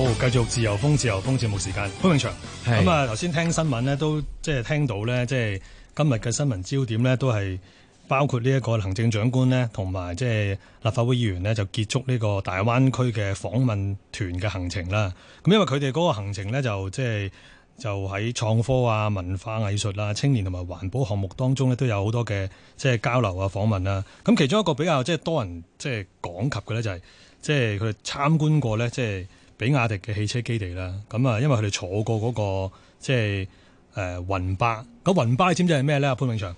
好，繼續自由風自由風節目時間潘永祥。咁的啊，頭先聽新聞呢，都即係聽到咧，即係今日嘅新聞焦點咧，都係包括呢一個行政長官呢，同埋即係立法會議員呢，就結束呢個大灣區嘅訪問團嘅行程啦。咁因為佢哋嗰個行程咧，就即係就喺創科啊、文化藝術啊、青年同埋環保項目當中咧，都有好多嘅即係交流啊、訪問啊。咁其中一個比較即係多人即係講及嘅咧，就係即係佢參觀過咧，即係。比亞迪嘅汽車基地啦，咁啊，因為佢哋坐過嗰，那個即係誒雲巴，個雲巴知唔知即係咩咧？潘永祥誒，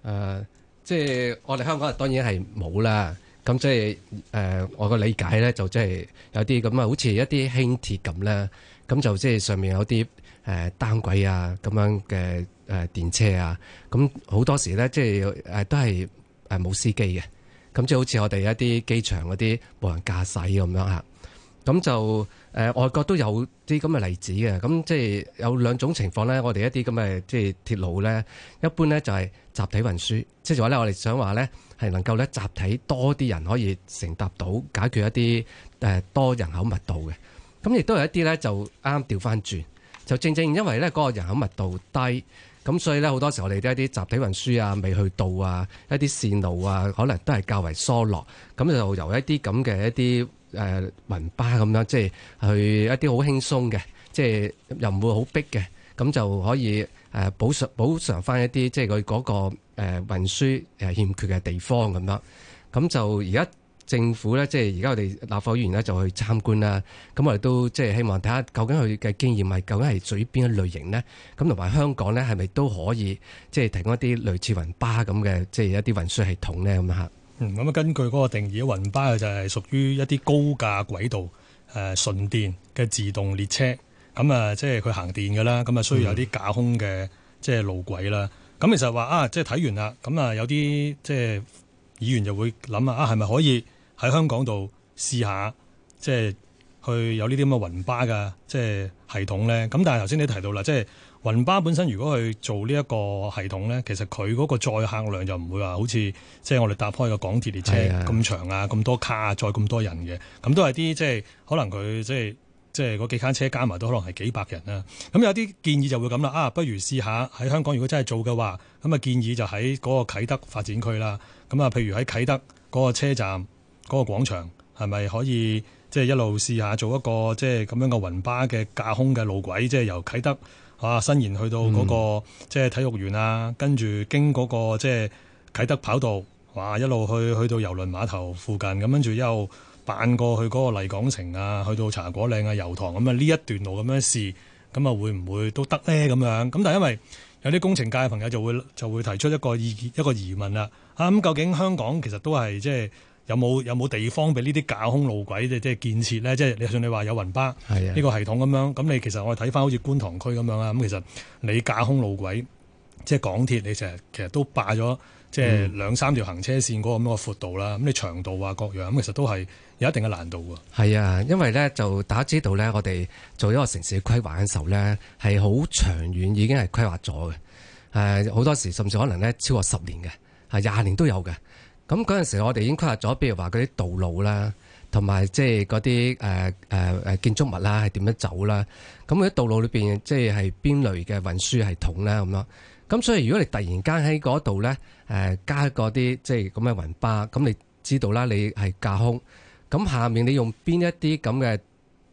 呃，即係我哋香港人當然係冇啦。咁即係誒，呃，我個理解咧，像一些一就即係有啲咁啊，好似一啲輕鐵咁咧，咁就即係上面有啲誒單軌啊咁樣嘅誒電車啊，咁好多時咧，就是，即係誒都係誒冇司機嘅，咁即係好似我哋一啲機場嗰啲無人駕駛咁樣啊。咁就誒、呃、外國都有啲咁嘅例子嘅，咁即係有兩種情況呢，我哋一啲咁嘅即係鐵路呢，一般呢就係、是、集體運輸，即係話呢，我哋想話呢係能夠呢集體多啲人可以乘搭到解決一啲、呃、多人口密度嘅。咁亦都有一啲呢就啱啱調翻轉，就正正因為呢嗰、那個人口密度低，咁所以呢，好多時候我哋都一啲集體運輸啊，未去到啊，一啲線路啊，可能都係較為疏落，咁就由一啲咁嘅一啲，誒雲巴咁樣，即係去一啲好輕鬆嘅，即係又唔會好逼嘅，咁就可以誒補償補償翻一啲，即係佢嗰個誒運輸欠缺嘅地方咁樣。咁就而家政府咧，即係而家我哋立法會議員咧就去參觀啦。咁我哋都即係希望睇下究竟佢嘅經驗係究竟係屬於邊一類型呢？咁同埋香港呢，係咪都可以即係提供一啲類似雲巴咁嘅，即係一啲運輸系統呢？咁嚇。嗯，咁啊，根據嗰個定義，雲巴就係屬於一啲高架軌道誒純、呃、電嘅自動列車，咁、嗯嗯嗯嗯嗯、啊，即係佢行電嘅啦，咁啊，需要有啲架空嘅即係路軌啦。咁其實話啊，即係睇完啦，咁啊，有啲即係議員就會諗啊，係咪可以喺香港度試下，即係去有呢啲咁嘅雲巴嘅即係系統咧？咁但係頭先你提到啦，即係。雲巴本身如果去做呢一個系統呢，其實佢嗰個載客量就唔會話好似即係我哋搭開個港鐵列車咁長是的 啊、咁多卡啊、載咁多人嘅，咁都係啲即係可能佢即係即係嗰幾間車加埋都可能係幾百人啦。咁有啲建議就會咁啦，啊，不如試下喺香港如果真係做嘅話，咁啊，建議就喺嗰個啟德發展區啦。咁啊，譬如喺啟德嗰個車站嗰、嗰個廣場，係咪可以即係一路試下做一個即係咁樣嘅雲巴嘅架空嘅路軌，即係由啟德。哇！新賢去到嗰個即係體育園啊，跟住、嗯、經嗰個即係啟德跑道，哇！一路去去到郵輪碼頭附近咁，跟住又扮過去嗰個麗港城啊，去到茶果嶺啊、油塘咁啊，呢一段路咁樣試，咁啊會唔會都得呢？咁樣？咁但係因為有啲工程界嘅朋友就會就會提出一個意見，一個疑問啦。啊咁，究竟香港其實都係即係？有冇有冇地方俾呢啲架空路軌即係建設咧？即、就、係、是、你上你話有雲巴呢個系統咁樣，咁你的其實我睇翻好似觀塘區咁樣啊，咁其實你架空路軌即係港鐵，你成日其實都霸咗即係兩三條行車線嗰個咁嘅闊度啦。咁你、嗯、長度啊各樣，咁其實都係有一定嘅難度㗎。係啊，因為咧就大家知道咧，我哋做一個城市規劃嘅時候咧係好長遠，已經係規劃咗嘅。誒，好多時甚至可能咧超過十年嘅，係廿年都有嘅。咁嗰陣時，我哋已經規劃咗，譬如話嗰啲道路啦，同埋即係嗰啲誒誒誒建築物啦，係點樣走啦？咁嗰啲道路裏邊，即係邊類嘅運輸系統啦咁。咁所以，如果你突然間喺嗰度咧，加一啲即係咁嘅雲巴，咁你知道啦，你係架空。咁下面你用邊一啲咁嘅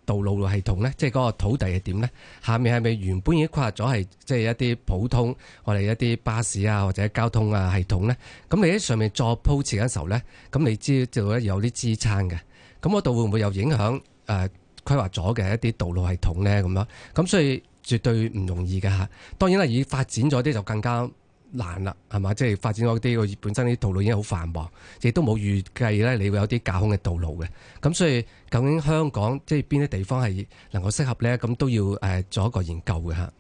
道路路系，系統呢，即係嗰個土地係點呢？下面係咪原本已經規劃咗係即係一啲普通我哋一啲巴士啊或者交通啊系統呢？咁你喺上面再鋪設嘅時候呢，咁你知道有啲支撐嘅，咁嗰度會唔會有影響誒、呃、規劃咗嘅一啲道路系統呢？咁樣，咁所以絕對唔容易㗎。嚇。當然啦，已發展咗啲就更加。難啦，係嘛？即係發展嗰啲，我本身啲道路已經好繁忙，亦都冇預計咧，你會有啲架空嘅道路嘅。咁所以，究竟香港即係邊啲地方係能夠適合咧？咁都要誒、呃、做一個研究嘅嚇。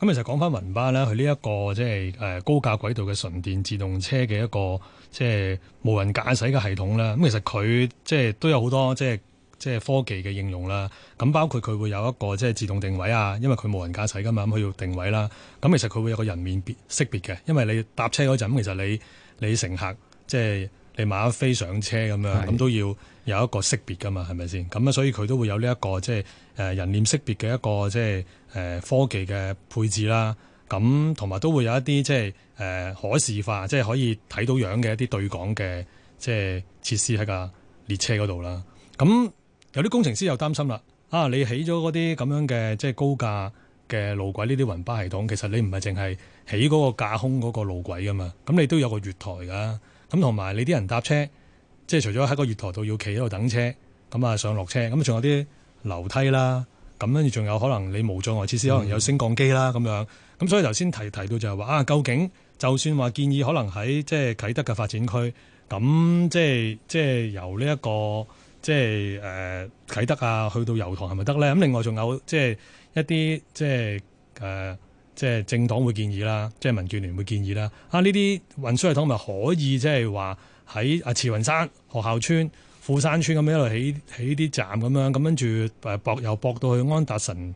咁其實講翻雲巴啦，佢呢一個即係誒高架軌道嘅純電自動車嘅一個即係、就是、無人駕駛嘅系統啦。咁其實佢即係都有好多即係。就是即係科技嘅應用啦，咁包括佢會有一個即係自動定位啊，因為佢冇人駕駛㗎嘛，咁佢要定位啦。咁其實佢會有個人面辨識別嘅，因為你搭車嗰陣，其實你你乘客即係、就是、你馬飛上車咁樣，咁是都要有一個識別㗎嘛，係咪先？咁啊，所以佢都會有呢一個即係誒人臉識別嘅一個即係誒科技嘅配置啦。咁同埋都會有一啲即係誒可視化，即係可以睇到樣嘅一啲對講嘅即係設施喺架列車嗰度啦。咁有啲工程師又擔心啦，啊！你起咗嗰啲咁樣嘅即係高架嘅路軌，呢啲雲巴系統，其實你唔係淨係起嗰個架空嗰個路軌噶嘛，咁你都有個月台噶，咁同埋你啲人搭車，即係除咗喺個月台度要企喺度等車，咁啊上落車，咁、啊、仲有啲樓梯啦，咁跟住仲有可能你無障礙設施可能有升降機啦咁、嗯、樣，咁所以頭先提提到就係話啊，究竟就算話建議可能喺即係啟德嘅發展區，咁即係即係由呢、這、一個。即係誒、呃、啟德啊，去到油塘係咪得咧？咁另外仲有即係一啲即係誒、呃、即係政黨會建議啦，即係民建聯會建議啦。啊呢啲運輸系統咪可以即係話喺啊慈雲山學校村、富山邨咁樣一路起起啲站咁樣，咁跟住誒博又駁到去安達臣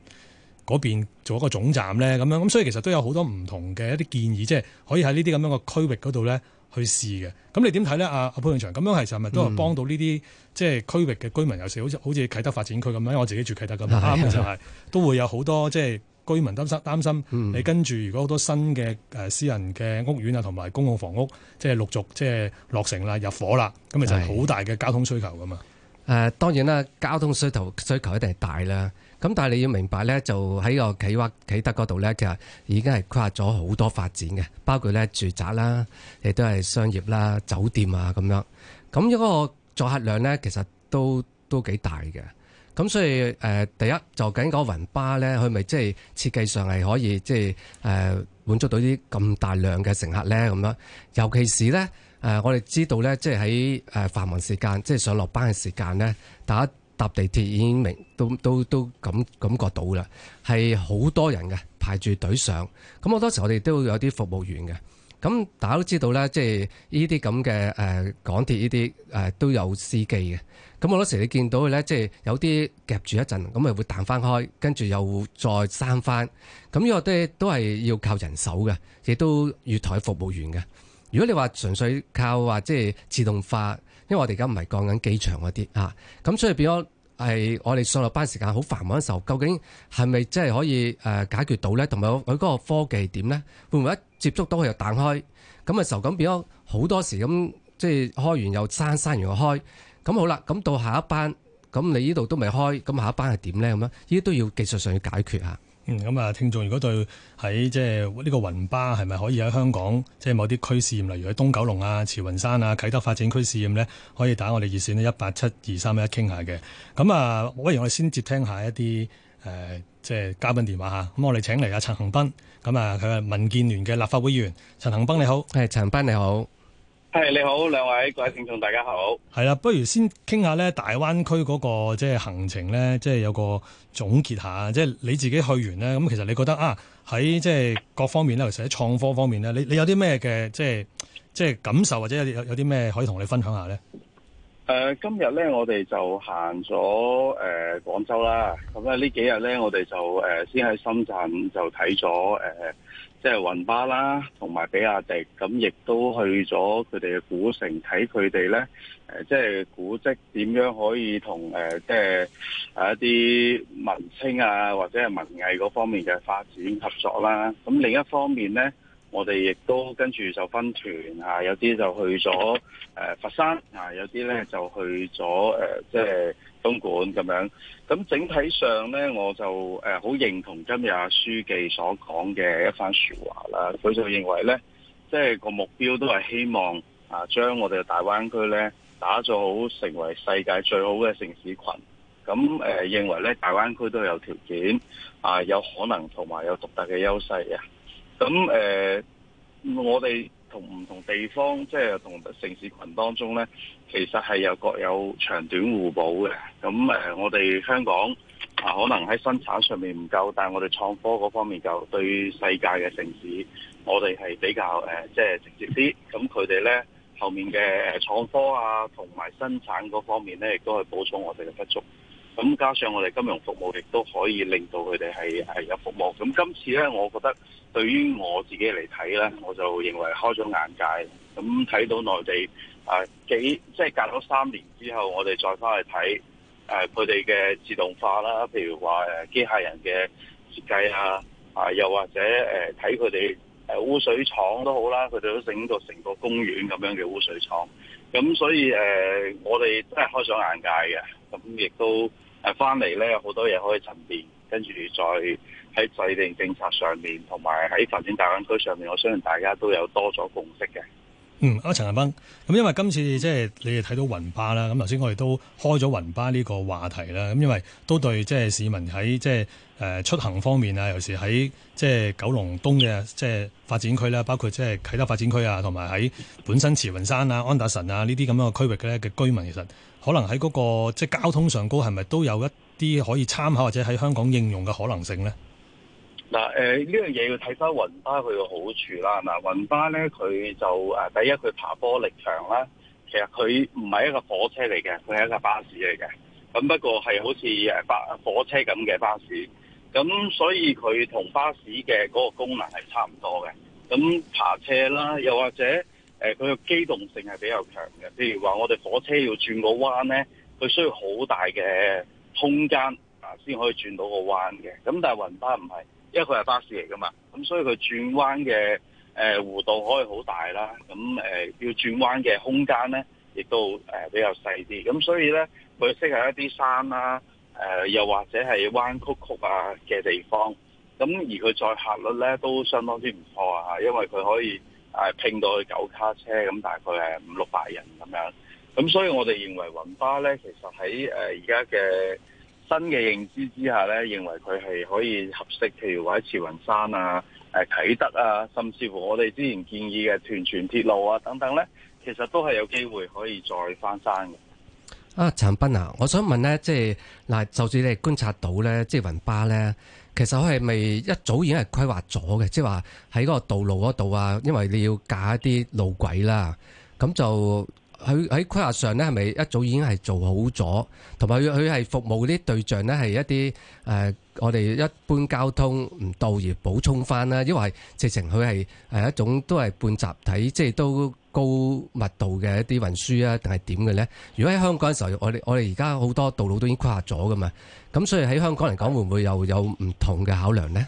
嗰邊做一個總站咧。咁樣咁所以其實都有好多唔同嘅一啲建議，即係可以喺呢啲咁樣嘅區域嗰度咧。去試嘅，咁你點睇咧？阿阿潘永祥咁樣係就咪都係幫到呢啲即係區域嘅居民有時、嗯、好似好似啟德發展區咁樣，我自己住啟德咁樣咁就係都會有好多即係、就是、居民擔心擔心，你、嗯、跟住如果好多新嘅私人嘅屋苑啊，同埋公共房屋，即、就、係、是、陸續即係、就是、落成啦、入夥啦，咪就係好大嘅交通需求噶嘛。誒、啊、當然啦，交通需求需求一定係大啦。咁但係你要明白咧，就喺個企劃啟德嗰度咧，其實已經係跨咗好多發展嘅，包括咧住宅啦，亦都係商業啦、酒店啊咁樣。咁、那、依個載客量咧，其實都都幾大嘅。咁所以、呃、第一就緊、是、嗰雲巴咧，佢咪即係設計上係可以即係誒滿足到啲咁大量嘅乘客咧咁樣。尤其是咧、呃、我哋知道咧，即係喺繁忙時間，即、就、係、是、上落班嘅時間咧，大家搭地鐵已經明，都到到感感覺到啦，係好多人嘅排住隊上。咁好多時我哋都有啲服務員嘅。咁大家都知道咧，即係呢啲咁嘅誒港鐵呢啲誒都有司機嘅。咁好多時你見到嘅咧，即係有啲夾住一陣，咁咪會彈翻開，跟住又再閂翻。咁呢個都都係要靠人手嘅，亦都月台服務員嘅。如果你話純粹靠話即係自動化。因為我哋而家唔係降緊機場嗰啲吓，咁所以變咗係我哋上落班時間好繁忙嘅時候，究竟係咪真係可以誒解決到咧？同埋佢嗰個科技點咧？會唔會一接觸到佢又彈開咁嘅時候？咁變咗好多時咁，即係開完又閂，閂完又開，咁好啦。咁到下一班，咁你呢度都未開，咁下一班係點咧？咁樣依啲都要技術上要解決吓。嗯，咁啊，聽眾如果對喺即係呢個雲巴係咪可以喺香港即係、就是、某啲區試驗，例如喺東九龍啊、慈雲山啊、啟德發展區試驗呢，可以打我哋熱線呢一八七二三一傾下嘅。咁啊，不如我哋先接聽一下一啲即係嘉賓電話吓。咁我哋請嚟啊，陳恒鑌，咁啊佢係民建聯嘅立法會議員。陳恒鑌你好，係，陳恒鑌你好。係你好。兩位，各位聽眾，大家好。係啦，不如先傾下咧大灣區嗰個即係行程咧，即係有個總結下。即係你自己去完咧，咁其實你覺得啊，喺即係各方面咧，尤其是喺創科方面咧，你你有啲咩嘅即係即係感受，或者有有有啲咩可以同你分享下咧？誒，今日咧我哋就行咗誒廣州啦。咁咧呢幾日咧我哋就誒先喺深圳就睇咗誒。呃即係雲巴啦，同埋比亞迪，咁亦都去咗佢哋嘅古城睇佢哋咧。即係、呃就是、古蹟點樣可以同即係一啲文青啊，或者係文藝嗰方面嘅發展合作啦。咁另一方面咧，我哋亦都跟住就分團啊，有啲就去咗、呃、佛山啊，有啲咧就去咗即係。呃就是東莞咁樣，咁整體上呢，我就誒好認同今日阿書記所講嘅一番說話啦。佢就認為呢，即係個目標都係希望啊，將我哋嘅大灣區呢打造好，成為世界最好嘅城市群。咁誒、啊，認為咧大灣區都有條件啊，有可能同埋有獨特嘅優勢嘅。咁誒、啊，我哋同唔同地方，即係同城市群當中呢。其實係有各有長短互補嘅，咁誒，我哋香港啊，可能喺生產上面唔夠，但係我哋創科嗰方面就對世界嘅城市，我哋係比較誒，即係直接啲。咁佢哋呢後面嘅創科啊，同埋生產嗰方面呢，亦都係補充我哋嘅不足。咁加上我哋金融服務亦都可以令到佢哋係係有服務。咁今次呢，我覺得對於我自己嚟睇呢，我就認為開咗眼界，咁睇到內地。誒，幾即係隔咗三年之後，我哋再翻去睇誒，佢哋嘅自動化啦，譬如話誒機械人嘅設計啊，啊又或者誒睇佢哋誒污水廠都好啦，佢哋都整到成個公園咁樣嘅污水廠，咁所以誒我哋真係開上眼界嘅，咁亦都誒翻嚟咧好多嘢可以沉澱，跟住再喺制定政策上面，同埋喺發展大灣區上面，我相信大家都有多咗共識嘅。嗯，阿陳恒鑌，咁因為今次即係你哋睇到雲巴啦，咁頭先我哋都開咗雲巴呢個話題啦，咁因為都對即係市民喺即係誒出行方面啊，尤其是喺即係九龍東嘅即係發展區啦，包括即係啟德發展區啊，同埋喺本身慈雲山啊、安達臣啊呢啲咁樣嘅區域咧嘅居民，其實可能喺嗰、嗰個即係交通上高係咪都有一啲可以參考或者喺香港應用嘅可能性呢？嗱，呢樣嘢要睇翻雲巴佢嘅好處啦。嗱、啊，雲巴咧佢就、啊、第一佢爬坡力強啦。其實佢唔係一個火車嚟嘅，佢係一架巴士嚟嘅。咁不過係好似火車咁嘅巴士。咁所以佢同巴士嘅嗰個功能係差唔多嘅。咁爬斜啦，又或者佢嘅機動性係比較強嘅。譬如話我哋火車要轉個彎咧，佢需要好大嘅空間啊，先可以轉到個彎嘅。咁但係雲巴唔係。因為佢係巴士嚟噶嘛，咁所以佢轉彎嘅誒弧度可以好大啦，咁誒要轉彎嘅空間咧，亦都誒比較細啲，咁所以咧佢適合一啲山啦、啊，誒、呃、又或者係彎曲曲啊嘅地方，咁而佢載客率咧都相當之唔錯啊，因為佢可以誒拼到去九卡車，咁大概係五六百人咁樣，咁所以我哋認為雲巴咧其實喺誒而家嘅。新嘅認知之下咧，認為佢係可以合適，譬如話喺慈雲山啊、誒啟德啊，甚至乎我哋之前建議嘅屯荃鐵路啊等等呢，其實都係有機會可以再翻山嘅。啊，陳斌啊，我想問呢，即係嗱，就算你係觀察到呢，即係雲巴呢，其實我係咪一早已經係規劃咗嘅？即係話喺嗰個道路嗰度啊，因為你要架一啲路軌啦，咁就。佢喺規劃上咧，係咪一早已經係做好咗？同埋佢佢係服務啲對象咧，係一啲誒我哋一般交通唔到而補充翻啦。因為直情佢係係一種都係半集體，即係都高密度嘅一啲運輸啊，定係點嘅咧？如果喺香港嘅時候，我哋我哋而家好多道路都已經規劃咗㗎嘛，咁所以喺香港嚟講，會唔會又有唔同嘅考量咧？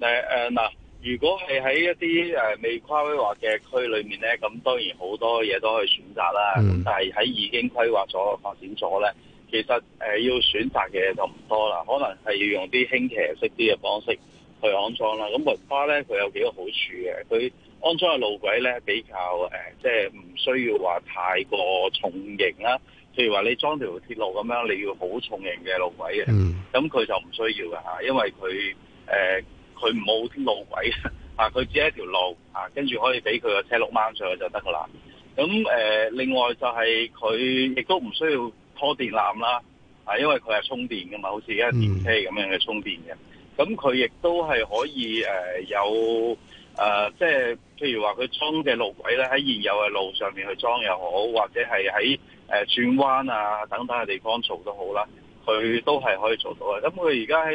誒誒嗱。如果係喺一啲誒未規劃嘅區裏面咧，咁當然好多嘢都可以選擇啦。咁、嗯、但係喺已經規劃咗發展咗咧，其實誒要選擇嘅嘢就唔多啦。可能係要用啲輕騎式啲嘅方式去安裝啦。咁雲巴咧，佢有幾個好處嘅。佢安裝嘅路軌咧，比較誒，即係唔需要話太過重型啦。譬如話你裝條鐵路咁樣，你要好重型嘅路軌嘅。咁佢、嗯、就唔需要嘅嚇，因為佢誒。呃佢冇啲路軌啊，佢只係一條路啊，跟住可以俾佢個車轆掹上去就得噶啦。咁誒、呃，另外就係佢亦都唔需要拖電纜啦，啊，因為佢係充電噶嘛，好似一家電車咁樣嘅充電嘅。咁佢亦都係可以誒、呃、有誒、呃，即係譬如話佢裝嘅路軌咧，喺現有嘅路上面去裝又好，或者係喺誒轉彎啊、等等嘅地方做都好啦。佢都係可以做到嘅，咁佢而家喺誒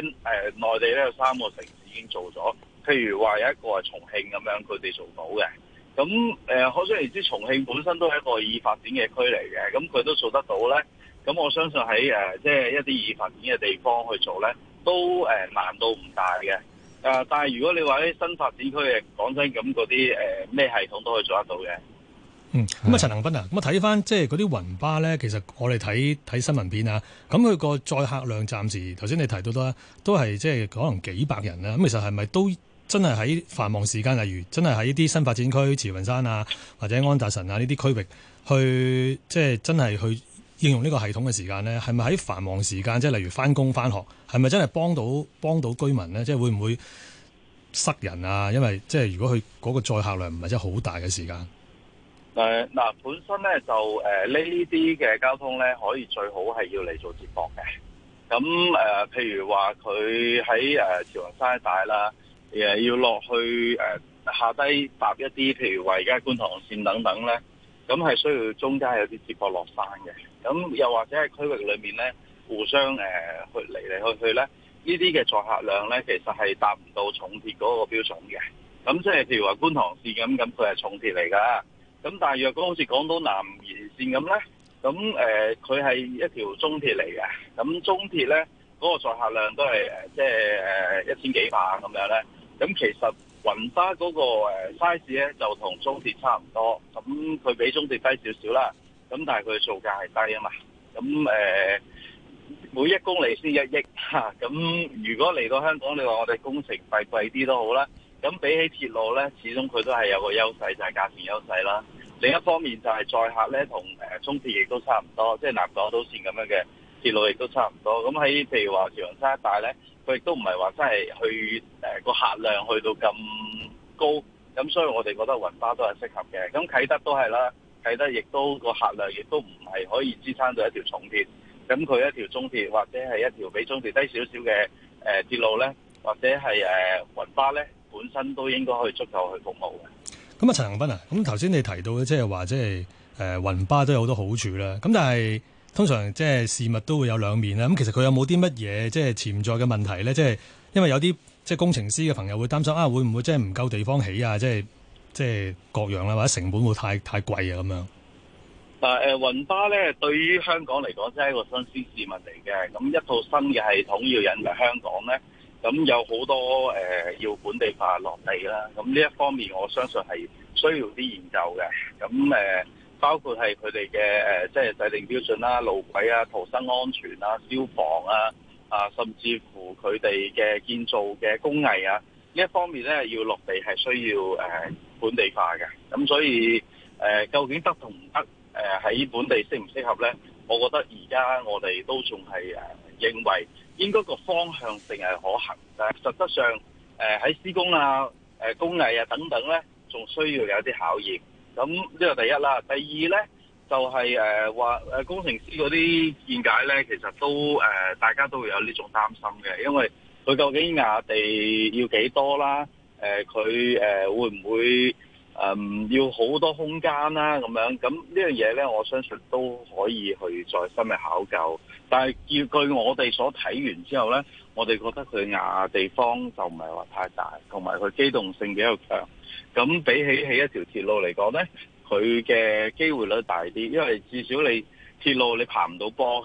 內地咧，有三個城市已經做咗，譬如話有一個係重慶咁樣，佢哋做到嘅。咁誒可想而知，重慶本身都係一個已發展嘅區嚟嘅，咁佢都做得到咧。咁我相信喺誒即係一啲已發展嘅地方去做咧，都誒難度唔大嘅。誒，但係如果你話啲新發展區嘅，講真，咁嗰啲誒咩系統都可以做得到嘅。嗯，咁啊陳恒鑌啊，咁啊睇翻即係嗰啲雲巴咧，其實我哋睇睇新聞片啊，咁佢個載客量暫時，頭先你提到都都係即係可能幾百人啦。咁其實係咪都真係喺繁忙時間，例如真係喺啲新發展區、慈雲山啊，或者安達臣啊呢啲區域，去即係真係去應用呢個系統嘅時間咧，係咪喺繁忙時間，即係例如翻工翻學，係咪真係幫到幫到居民咧？即係會唔會塞人啊？因為即係如果佢嗰個載客量唔係真係好大嘅時間。誒，嗱，本身咧，就誒呢啲嘅交通咧，可以最好係要嚟做接駁嘅。咁誒、呃，譬如話佢喺誒朝陽山一帶啦，誒要落去誒、呃、下低搭一啲，譬如話而家觀塘綫等等咧，咁係需要中間有啲接駁落山嘅。咁又或者係區域裏面咧，互相誒去嚟嚟去去咧，呢啲嘅載客量咧，其實係達唔到重鐵嗰個標準嘅。咁即係譬如話觀塘綫咁，咁佢係重鐵嚟噶。咁但係若果好似港島南延線咁咧，咁誒，佢、呃、係一條中鐵嚟嘅，咁中鐵咧嗰個載客量都係誒，即係誒一千幾百咁樣咧。咁其實雲巴嗰個誒 size 咧就同中鐵差唔多，咁佢比中鐵低少少啦。咁但係佢嘅造價係低啊嘛。咁誒、呃，每一公里先一億吓。咁如果嚟到香港，你話我哋工程費貴啲都好啦。咁比起鐵路咧，始終佢都係有個優勢，就係價錢優勢啦。另一方面就係載客咧，同中鐵亦都差唔多，即係南港島線咁樣嘅鐵路亦都差唔多。咁喺譬如話長沙一帶咧，佢亦都唔係話真係去個客量去到咁高，咁所以我哋覺得雲巴都係適合嘅。咁啟德都係啦，啟德亦都個客量亦都唔係可以支撐到一條重鐵。咁佢一條中鐵或者係一條比中鐵低少少嘅誒鐵路咧，或者係雲巴咧。本身都應該可以足夠去服務嘅。咁啊，陳恒鑌啊，咁頭先你提到嘅，即係，即係話即係誒雲巴都有好多好處啦。咁但係通常即係事物都會有兩面啦咁，嗯、其實佢有冇啲乜嘢即係潛在嘅問題咧？即係因為有啲即係工程師嘅朋友會擔心啊，會唔會即係唔夠地方起啊？即係即係各樣啊，或者成本會太太貴啊咁樣。嗱誒，呃，雲巴咧對於香港嚟講，即係一個新鮮事物嚟嘅。咁一套新嘅系統要引入香港咧。咁有好多誒要本地化落地啦，咁呢一方面我相信係需要啲研究嘅，咁誒包括係佢哋嘅誒即係制定標準啦、路軌啊、逃生安全啊、消防啊，啊甚至乎佢哋嘅建造嘅工藝啊，呢一方面咧要落地係需要誒本地化嘅，咁所以誒究竟得同唔得誒喺本地適唔適合咧？我覺得而家我哋都仲係誒認為。應該個方向性係可行，但係實質上，誒喺施工啊、誒工藝啊等等咧，仲需要有啲考驗。咁呢個第一啦，第二咧就係誒話誒工程師嗰啲見解咧，其實都誒、呃、大家都會有呢種擔心嘅，因為佢究竟壓地要幾多啦？誒佢誒會唔會、呃、要好多空間啦、啊？咁樣咁呢樣嘢咧，我相信都可以去再深入考究。但係，要據我哋所睇完之後呢，我哋覺得佢亞地方就唔係話太大，同埋佢機動性比較強。咁比起起一條鐵路嚟講呢，佢嘅機會率大啲，因為至少你鐵路你爬唔到坡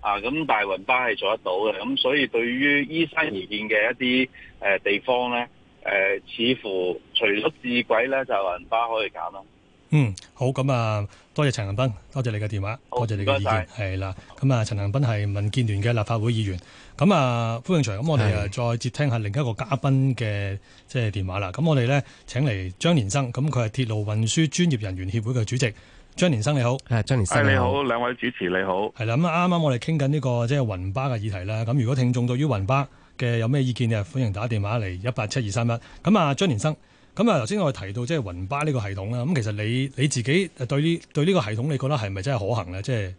啊，咁大雲巴係做得到嘅。咁所以對於依山而建嘅一啲、呃、地方呢，呃、似乎除咗智軌呢，就雲巴可以揀咯。嗯，好，咁啊，多謝陳恒鑌，多謝你嘅電話，好多謝你嘅意見，係啦謝，咁啊，陳恒鑌係民建聯嘅立法會議員，咁啊，歡迎長，咁我哋啊再接聽下另一個嘉賓嘅即係電話啦，咁我哋呢請嚟張年生，咁佢係鐵路運輸專業人員協會嘅主席，張年生你好，誒，張年生，誒，你好，你好兩位主持你好，係啦，咁啱啱我哋傾緊呢個即係、就是、雲巴嘅議題啦，咁如果聽眾對於雲巴嘅有咩意見嘅，歡迎打電話嚟一八七二三一，咁啊，張年生。咁啊，頭先我哋提到即係雲巴呢個系統啦，咁其實你你自己對呢對呢個系統，你覺得係咪真係可行咧？即係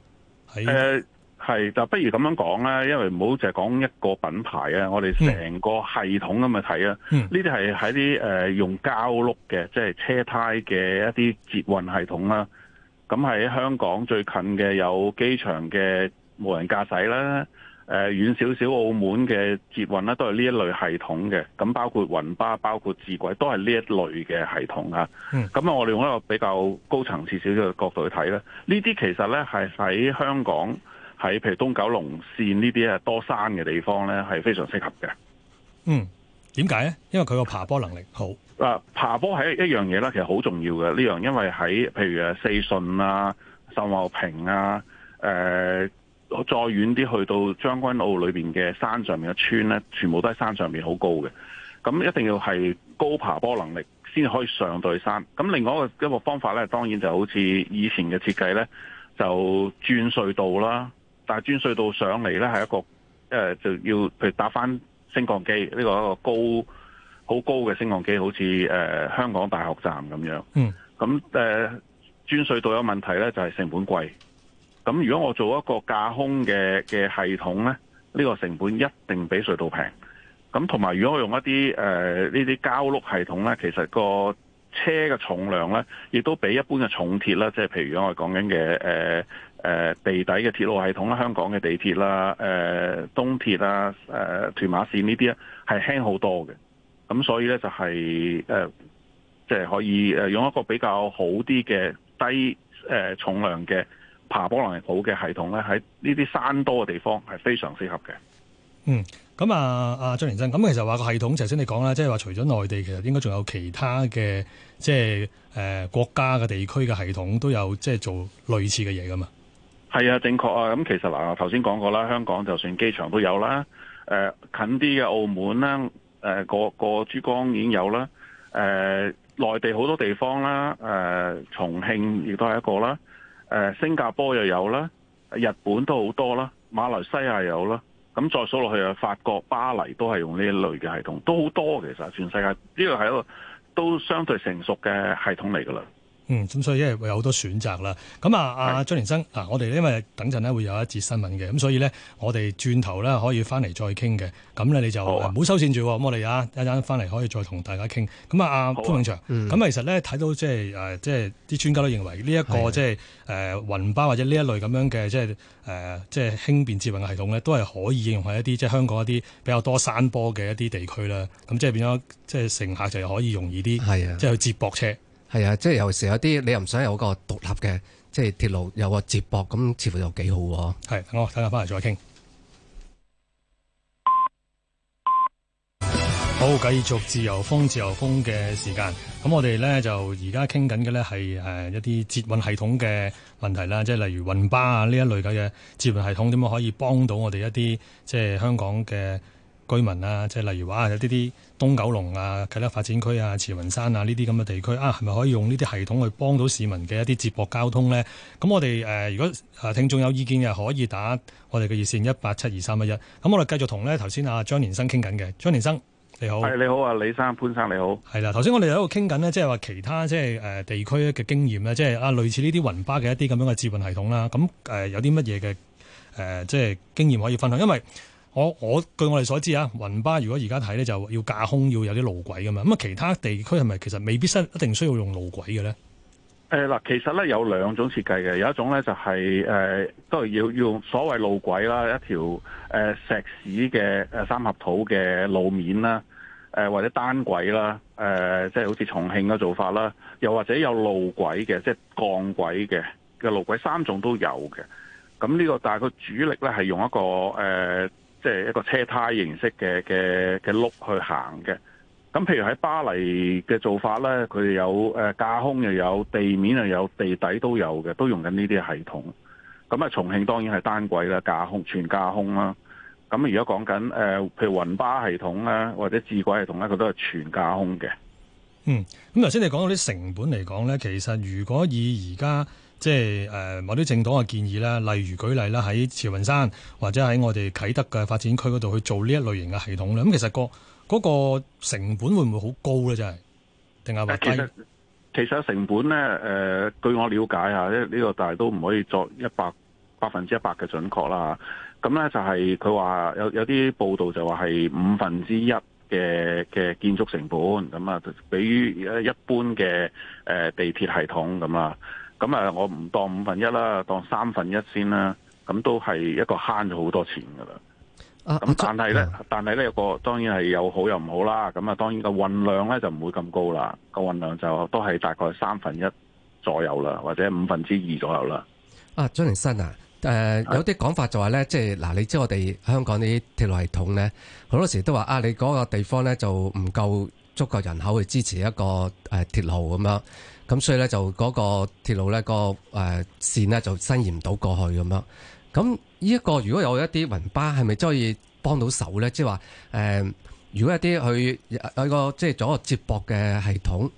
喺誒係，但、呃、不如咁樣講啦，因為唔好淨係講一個品牌啊，我哋成個系統咁去睇啦。呢啲係喺啲誒用膠轆嘅，即係車胎嘅一啲捷運系統啦。咁喺香港最近嘅有機場嘅無人駕駛啦。誒、呃、遠少少澳門嘅捷運咧，都係呢一類系統嘅。咁包括雲巴，包括智軌，都係呢一類嘅系統啊。咁啊、嗯，我哋用一個比較高層次少少嘅角度去睇咧，呢啲其實咧係喺香港，喺譬如東九龍線呢啲啊多山嘅地方咧，係非常適合嘅。嗯，點解咧？因為佢個爬坡能力好。嗱，爬坡係一樣嘢啦，其實好重要嘅呢樣，因為喺譬如四順啊、秀茂坪啊、呃再遠啲去到將軍澳裏面嘅山上面嘅村呢，全部都係山上面好高嘅，咁一定要係高爬坡能力先可以上到去山。咁另外一個方法呢，當然就好似以前嘅設計呢，就鑽隧道啦。但係鑽隧道上嚟呢，係一個，誒、呃、就要去搭翻升降機呢、呢個一個高好高嘅升降機，好似誒、呃、香港大學站咁樣。嗯。咁誒鑽隧道有問題呢，就係、是、成本貴。咁如果我做一個架空嘅嘅系統呢，呢、呢個成本一定比隧道平。咁同埋，如果我用一啲誒呢啲膠轆系統呢，其實個車嘅重量呢，亦都比一般嘅重鐵啦，即、就、係、係、譬如我哋講緊嘅誒誒，地底嘅鐵路系統啦，香港嘅地鐵啦，誒、呃、東鐵啦，誒、呃、屯馬線呢啲咧，係輕好多嘅。咁所以呢、就係呃，就係誒，即係可以用一個比較好啲嘅低誒、呃、重量嘅。爬坡能力好嘅系統咧，喺呢啲山多嘅地方係非常適合嘅。嗯，咁啊，阿張年生，咁其實話個系統，頭先你講啦，即係話除咗內地，其實應該仲有其他嘅，即係誒國家嘅地區嘅系統都有，即、就、係、是、做類似嘅嘢噶嘛。係啊，正確啊。咁其實嗱、啊，頭先講過啦，香港就算機場都有啦，誒、呃、近啲嘅澳門啦，誒、呃、過過珠江已經有啦，誒、呃、內地好多地方啦，誒、呃、重慶亦都係一個啦。誒新加坡又有啦，日本都好多啦，馬來西亞又有啦，咁再數落去啊，法國巴黎都係用呢一類嘅系統，都好多，其實全世界呢個係一個都相對成熟嘅系統嚟㗎啦。嗯，咁所以因為會有好多選擇啦。咁啊，阿的張年生，嗱，我哋因為等陣咧會有一節新聞嘅，咁所以咧我哋轉頭咧可以翻嚟再傾嘅。咁咧你就唔好、啊、收線住，咁我哋啊一陣翻嚟可以再同大家傾。咁啊，阿潘永祥，咁、嗯、其實咧睇到即係誒，即係啲、啊、專家都認為呢一,一個的即係誒雲巴或者呢一類咁樣嘅即係誒、啊、即係輕便接運系統咧，都係可以用喺一啲即係香港一啲比較多山坡嘅一啲地區啦。咁即係變咗，即係乘客就可以容易啲，的即係去接駁車。係啊，即係有時有啲你又唔想有個獨立嘅，即係鐵路有個接駁咁，似乎又幾好喎。係，我睇下翻嚟再傾。好，繼續自由風自由風嘅時間。咁我哋咧就而家傾緊嘅咧係誒一啲捷運系統嘅問題啦，即係例如雲巴啊呢一類嘅捷運系統，點樣可以幫到我哋一啲即係香港嘅？居民啊，即係例如話有啲啲東九龍啊、啟德發展區啊、慈雲山啊呢啲咁嘅地區啊，係咪可以用呢啲系統去幫到市民嘅一啲接駁交通呢？咁我哋誒、呃，如果誒聽眾有意見嘅，可以打我哋嘅熱線一八七二三一一。咁我哋繼續同呢頭先啊張年生傾緊嘅，張年生，張年生你好。係你好啊，李生，潘生你好。係啦，頭先我哋喺度傾緊呢，即係話其他即係誒地區嘅經驗呢，即係啊類似呢啲雲巴嘅一啲咁樣嘅接運系統啦。咁誒、呃、有啲乜嘢嘅誒即係經驗可以分享？因為我我據我哋所知啊，雲巴如果而家睇咧，就要架空要有啲路軌㗎嘛。咁啊，其他地區係咪其實未必，必一定需要用路軌嘅咧？誒嗱，其實咧有兩種設計嘅，有一種咧就係、是、誒、呃、都係要，要用所謂路軌啦，一條誒、呃、石屎嘅誒三合土嘅路面啦，誒、呃、或者單軌啦，誒即係好似重慶嘅做法啦，又或者有路軌嘅，即係鋼軌嘅嘅路軌，三種都有嘅。咁呢個大概主力咧係用一個誒。呃即係一個車胎形式嘅嘅嘅轆去行嘅，咁譬如喺巴黎嘅做法咧，佢有誒架空又有地面又有地底都有嘅，都用緊呢啲系統。咁啊，重慶當然係單軌啦，架空全架空啦。咁而家講緊誒，譬如雲巴系統咧，或者智軌系統咧，佢都係全架空嘅。嗯，咁頭先你講到啲成本嚟講咧，其實如果以而家即係誒，某啲政黨嘅建議啦，例如舉例啦，喺慈雲山或者喺我哋啟德嘅發展區嗰度去做呢一類型嘅系統咧。咁其實嗰個嗰成本會唔會好高咧？真係定係其實成本咧，誒、呃，據我了解啊，呢、呢、呢個但係都唔可以作一百百分之一百嘅準確啦。咁咧就係佢話有有啲報道就話係五分之一嘅嘅建築成本。咁啊，比一般嘅誒、呃、地鐵系統咁啊。咁啊，我唔當五分一啦，當三分一先啦，咁都係一個慳咗好多錢噶啦。咁、啊、但係咧，啊、但係咧個當然係有好有唔好啦。咁啊，當然個運量咧就唔會咁高啦，個運量就都係大概三分一左右啦，或者五分之二左右啦。啊，張年生啊，誒、呃啊、有啲講法就係、是、咧，即係嗱，你知我哋香港啲鐵路系統咧，好多時都話啊，你嗰個地方咧就唔夠足夠人口去支持一個誒、呃、鐵路咁樣。咁所以咧就嗰個鐵路咧、嗰個誒、呃、線咧就伸延唔到過去咁樣。咁呢一個如果有一啲雲巴係咪真係可以幫到手咧、就是呃？即係話如果一啲去有個即係做一個接駁嘅系統。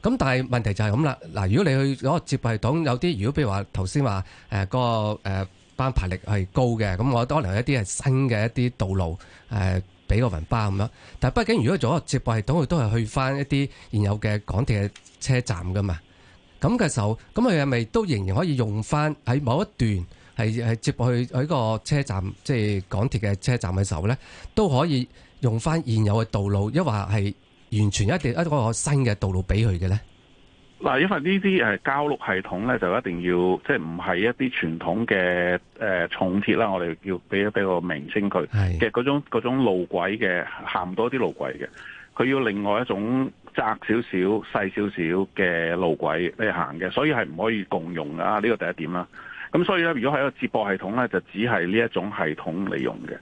咁但係問題就係咁啦。嗱，如果你去嗰個接駁系統有啲，比如果譬如話頭先話嗰個、呃、班排力係高嘅，咁我可能一啲係新嘅一啲道路、呃俾個雲巴咁樣，但係畢竟如果做一個接駁系統，佢都係去翻一啲現有嘅港鐵嘅車站噶嘛。咁嘅時候，咁佢係咪都仍然可以用翻喺某一段係接駁去喺個車站，即係港鐵嘅車站嘅時候咧，都可以用翻現有嘅道路，抑或係完全一定一個新嘅道路俾佢嘅咧？嗱，因為呢啲誒膠路系統咧，就一定要即係唔係一啲傳統嘅誒、呃、重鐵啦，我哋要俾俾個名稱佢嘅嗰種嗰種路軌嘅行多啲路軌嘅，佢要另外一種窄少少、細少少嘅路軌嚟行嘅，所以係唔可以共用㗎，呢、這個第一點啦。咁所以咧，如果係一個接駁系統咧，就只係呢一種系統嚟用嘅。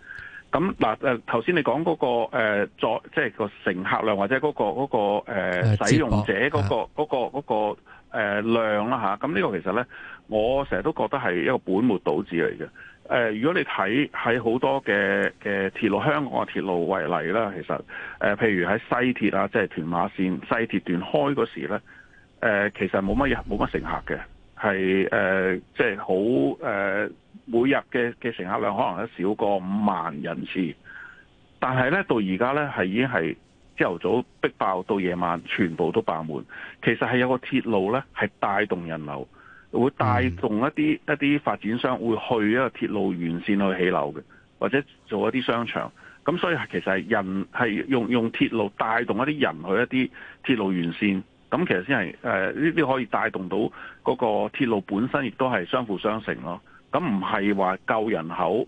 咁嗱誒，頭先你講嗰、那個誒、呃、即係個乘客量或者嗰、那個嗰、那個、呃、使用者嗰、那個嗰、那個嗰、那個量啦嚇。咁、啊、呢個其實咧，我成日都覺得係一個本末倒置嚟嘅。誒、呃，如果你睇喺好多嘅嘅鐵路，香港嘅鐵路為例啦，其實誒、呃，譬如喺西鐵啊，即係屯馬線西鐵段開嗰時咧，誒、呃，其實冇乜嘢，冇乜乘客嘅。係誒，即係好誒，每日嘅嘅乘客量可能係少過五萬人次，但係咧到而家咧係已經係朝頭早逼爆到夜晚，全部都爆滿。其實係有個鐵路咧，係帶動人流，會帶動一啲一啲發展商會去一個鐵路沿線去起樓嘅，或者做一啲商場。咁所以其實係人係用用鐵路帶動一啲人去一啲鐵路沿線。咁其實先係誒呢啲可以帶動到嗰個鐵路本身，亦都係相輔相成咯。咁唔係話夠人口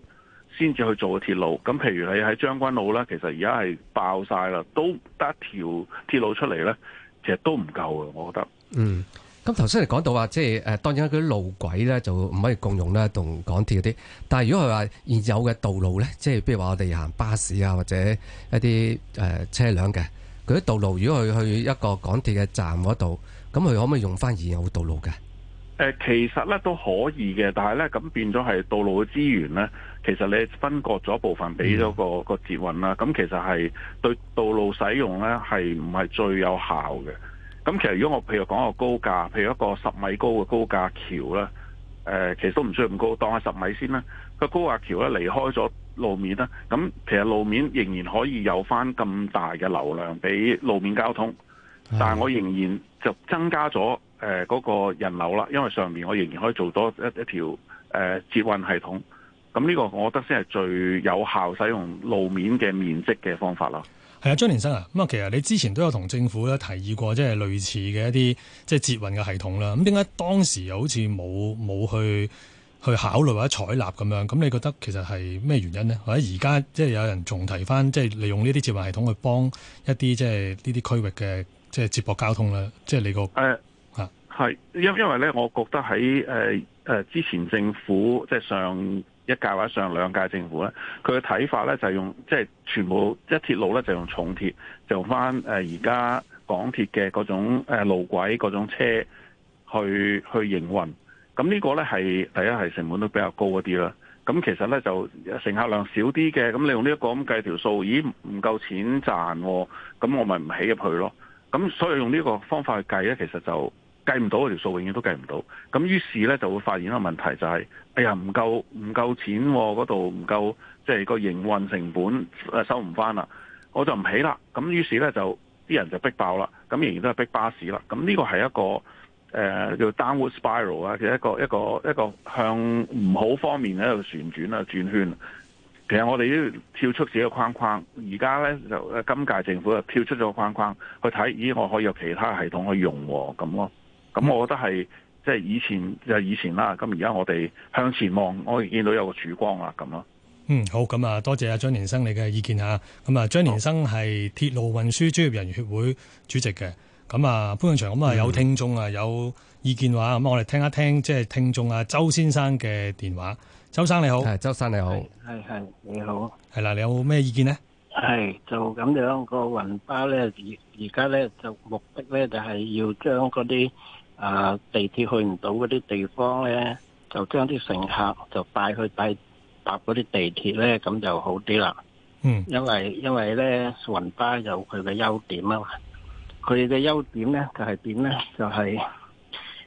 先至去做鐵路。咁譬如你喺將軍澳咧，其實而家係爆晒啦，都得一條鐵路出嚟咧，其實都唔夠嘅，我覺得。嗯，咁頭先你講到話，即係誒，當然佢啲路軌咧就唔可以共用啦，同港鐵嗰啲。但係如果佢話現有嘅道路咧，即係譬如話我哋行巴士啊，或者一啲誒、呃、車輛嘅。佢啲道路，如果去去一個港鐵嘅站嗰度，咁佢可唔可以用翻原有道路嘅？誒，其實咧都可以嘅，但係咧咁變咗係道路嘅資源咧，其實你分割咗部分俾咗個個捷運啦，咁其實係對道路使用咧係唔係最有效嘅？咁其實如果我譬如講個高架，譬如一個十米高嘅高架橋咧，誒，其實都唔需要咁高，當係十米先啦。個高架橋咧離開咗。路面啦，咁其實路面仍然可以有翻咁大嘅流量俾路面交通，但係我仍然就增加咗誒、呃那個人流啦，因為上面我仍然可以做多一一條誒捷、呃、運系統，咁呢個我覺得先係最有效使用路面嘅面積嘅方法咯。係啊，張年生啊，咁啊，其實你之前都有同政府咧提議過，即係類似嘅一啲即係捷運嘅系統啦。咁點解當時又好似冇冇去？去考慮或者採納咁樣，咁你覺得其實係咩原因呢？或者而家即係有人仲提翻，即係利用呢啲智能系統去幫一啲即係呢啲區域嘅即係接駁交通啦，即係你個誒係，因、呃啊、因為咧，我覺得喺誒之前政府即係上一屆或者上兩屆政府咧，佢嘅睇法咧就係用即係、就是、全部一鐵路咧就用重鐵，就翻誒而家港鐵嘅嗰種路軌嗰種車去去營運。咁呢個呢，係第一係成本都比較高一啲啦。咁其實呢，就乘客量少啲嘅，咁你用呢一個咁計條數，咦唔夠錢賺喎，咁我咪唔起入去咯。咁所以用呢個方法去計呢，其實就計唔到條數，永遠都計唔到。咁於是呢，就會發現一個問題就係，哎呀唔夠唔夠錢喎，嗰度唔夠，即係個營運成本收唔翻啦，我就唔起啦。咁於是呢，就啲人就逼爆啦，咁仍然都係逼巴士啦。咁呢個係一個。誒叫 downward spiral 啊，其實一個一個一個向唔好方面喺度旋轉啊，轉圈。其實我哋都跳出自己個框框，而家咧就今屆政府啊，跳出咗個框框去睇，咦？我可以有其他系統去用喎，咁咯。咁我覺得係即係以前就係、以前啦。咁而家我哋向前望，我亦見到有個曙光啦，咁咯。嗯，好。咁啊，多謝阿張年生你嘅意見啊。咁啊，張年生係鐵路運輸專業人員協會主席嘅。咁啊，潘永祥咁啊，有聽眾啊，有意見話，咁我哋聽一聽，即係聽眾啊，周先生嘅電話。周生你好，係周生你好，係係你好，係啦，你有咩意見咧？係就咁樣個雲巴咧，而而家咧就目的咧就係要將嗰啲啊地鐵去唔到嗰啲地方咧，就將啲乘客就帶去帶搭嗰啲地鐵咧，咁就好啲啦。嗯，因為因為咧雲巴有佢嘅優點啊嘛。佢哋嘅優點呢，就係點呢？就係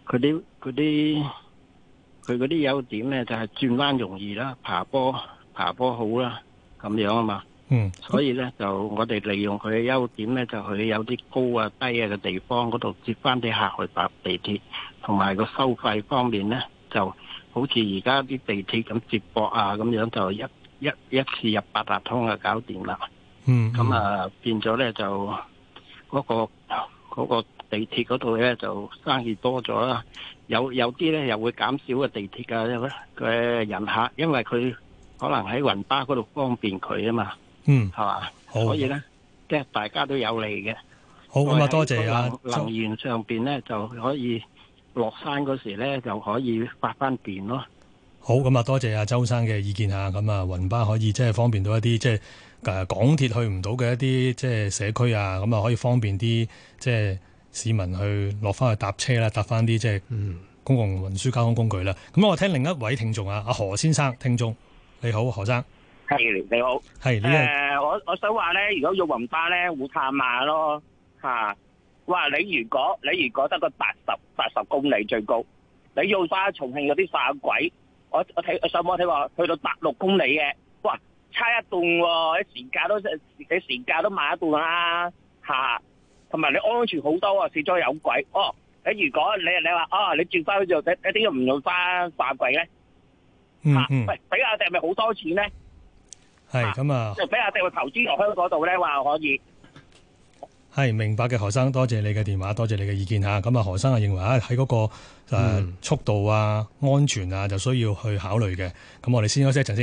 佢啲佢啲佢嗰啲優點呢就係轉彎容易啦，爬坡爬坡好啦，咁樣啊嘛。嗯，所以呢，就我哋利用佢嘅優點呢，就去有啲高啊低啊嘅地方嗰度接返啲客去搭地鐵，同埋個收費方面呢，就好似而家啲地鐵咁接駁啊，咁樣就一一一,一次入八達通就，嗯、啊，搞掂啦。嗯，咁啊變咗呢就。嗰、那個、那個地鐵嗰度咧就生意多咗啦，有有啲咧又會減少個地鐵嘅嘅人客，因為佢可能喺雲巴嗰度方便佢啊嘛，嗯，係嘛吧，好所以咧即係大家都有利嘅。好，咁啊多謝啊。能源上邊咧、嗯、就可以落山嗰時咧就可以發翻電咯。好，咁啊多謝阿周生嘅意見啊，咁啊雲巴可以即係方便到一啲即係。就是港鐵去唔到嘅一啲即係社區啊，咁啊可以方便啲即係市民去落翻去搭車啦，搭翻啲即係公共運輸交通工具啦。咁我聽另一位聽眾啊，阿何，何先生，聽眾你好，何生，係你好係誒，我我想話咧，如果要雲巴咧，會慢啲咯、啊、哇，你如果你如果得個八十八十公里最高，你要翻重慶嗰啲快軌，我我睇上網睇話去到八六公里嘅。差一段喎、哦，啲時間都，啲時間都買一段啦、啊，嚇、啊，同埋你安全好多啊，少咗有鬼。哦，你如果你你話哦，你轉翻去就一啲要唔用翻犯鬼咧，嚇、嗯，喂、嗯，比亞迪係咪好多錢咧？係咁啊，即係比亞迪投資落香港度咧，話、啊、可以。係，明白嘅何生，多謝你嘅電話，多謝你嘅意見吓，咁啊，何生啊認為在、那個嗯、啊喺嗰個速度啊、安全啊，就需要去考慮嘅。咁我哋先休息陣先。